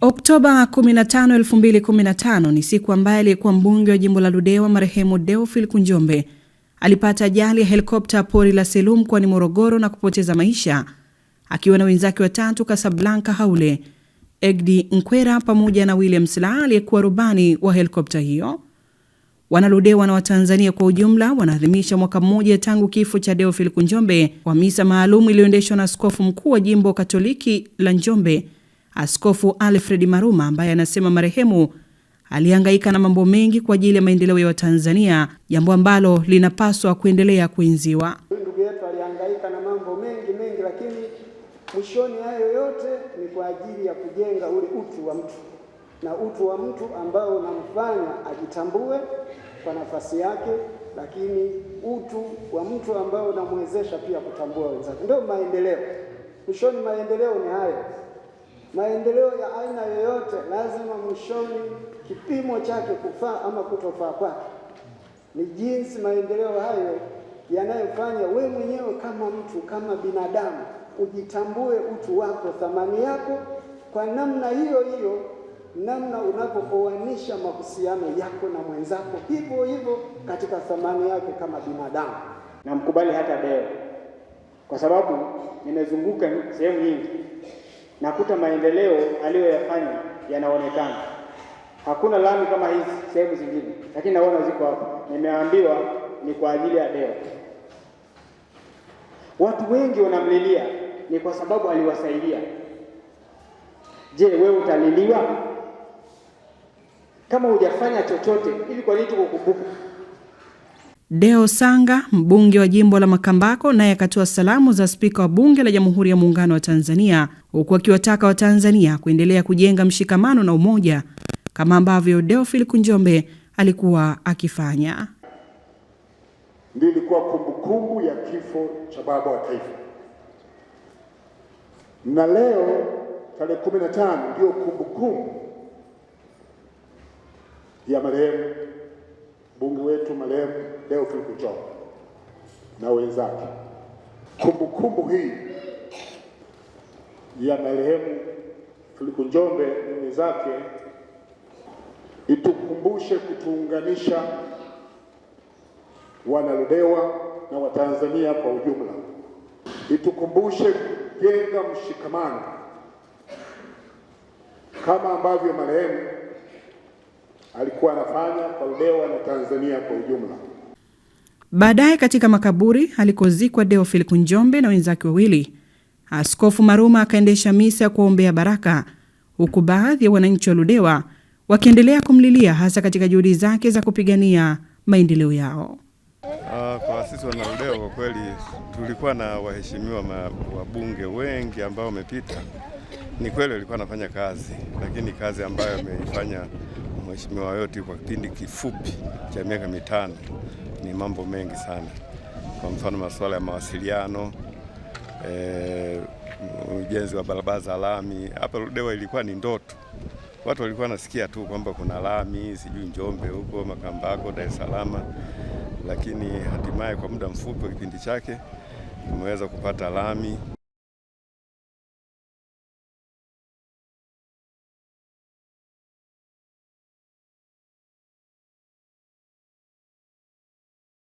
Oktoba 15, 2015 ni siku ambayo aliyekuwa mbunge wa jimbo la Ludewa marehemu deofil Kunjombe alipata ajali ya helikopta pori la Selum mkoani Morogoro na kupoteza maisha akiwa na wenzake watatu Kasablanka Haule, Egdi Nkwera pamoja na William sla aliyekuwa rubani wa helikopta hiyo. Wanaludewa na Watanzania kwa ujumla wanaadhimisha mwaka mmoja tangu kifo cha deofil Kunjombe kwa misa maalum iliyoendeshwa na askofu mkuu wa jimbo Katoliki la Njombe Askofu Alfred Maruma ambaye anasema marehemu alihangaika na mambo mengi kwa ajili ya maendeleo ya Watanzania, jambo ambalo linapaswa kuendelea kuenziwa. Ndugu yetu alihangaika na mambo mengi mengi, lakini mwishoni hayo yote ni kwa ajili ya kujenga ule utu wa mtu na utu wa mtu ambao unamfanya ajitambue kwa nafasi yake, lakini utu wa mtu ambao unamwezesha pia kutambua wenzake. Ndio maendeleo, mwishoni maendeleo ni hayo. Maendeleo ya aina yoyote lazima mwishoni kipimo chake kufaa ama kutofaa kwake ni jinsi maendeleo hayo yanayofanya we mwenyewe kama mtu kama binadamu ujitambue utu wako, thamani yako. Kwa namna hiyo hiyo, namna unapooanisha mahusiano yako na mwenzako, hivyo hivyo katika thamani yako kama binadamu. Namkubali hata leo, kwa sababu nimezunguka sehemu nyingi nakuta maendeleo aliyoyafanya yanaonekana. Hakuna lami kama hizi sehemu zingine, lakini naona ziko hapa. Nimeambiwa ni kwa ajili ya Deo. Watu wengi wanamlilia ni kwa sababu aliwasaidia. Je, wewe utaliliwa kama hujafanya chochote? Ili kwa nini tukukumbuka? Deo Sanga, mbunge wa jimbo la Makambako, naye akatoa salamu za spika wa bunge la Jamhuri ya Muungano wa Tanzania, huku akiwataka Watanzania kuendelea kujenga mshikamano na umoja kama ambavyo deofil Kunjombe alikuwa akifanya. ndio ilikuwa kumbukumbu ya kifo cha baba wa taifa, na leo tarehe 15 ndio kumbukumbu ya marehemu mbunge wetu marehemu Delphin Kuchoma na wenzake. Kumbukumbu hii ya marehemu filiku Njombe na wenzake itukumbushe kutuunganisha wanaludewa na Watanzania kwa ujumla, itukumbushe kujenga mshikamano kama ambavyo marehemu alikuwa anafanya kwa Ludewa na Tanzania kwa ujumla. Baadaye katika makaburi alikozikwa deofil Kunjombe na wenzake wawili, Askofu Maruma akaendesha misa ya kuombea baraka, huku baadhi ya wananchi wa Ludewa wakiendelea kumlilia hasa katika juhudi zake za kupigania maendeleo yao. Uh, kwa sisi wanaludewa kwa kweli tulikuwa na waheshimiwa wabunge wengi ambao wamepita. Ni kweli walikuwa wanafanya kazi, lakini kazi ambayo ameifanya mheshimiwa yote kwa kipindi kifupi cha miaka mitano ni mambo mengi sana. Kwa mfano masuala ya mawasiliano e, ujenzi wa barabara za lami hapa Ludewa ilikuwa ni ndoto. Watu walikuwa wanasikia tu kwamba kuna lami sijui Njombe huko Makambako, Dar es Salaam, lakini hatimaye kwa muda mfupi wa kipindi chake tumeweza kupata lami.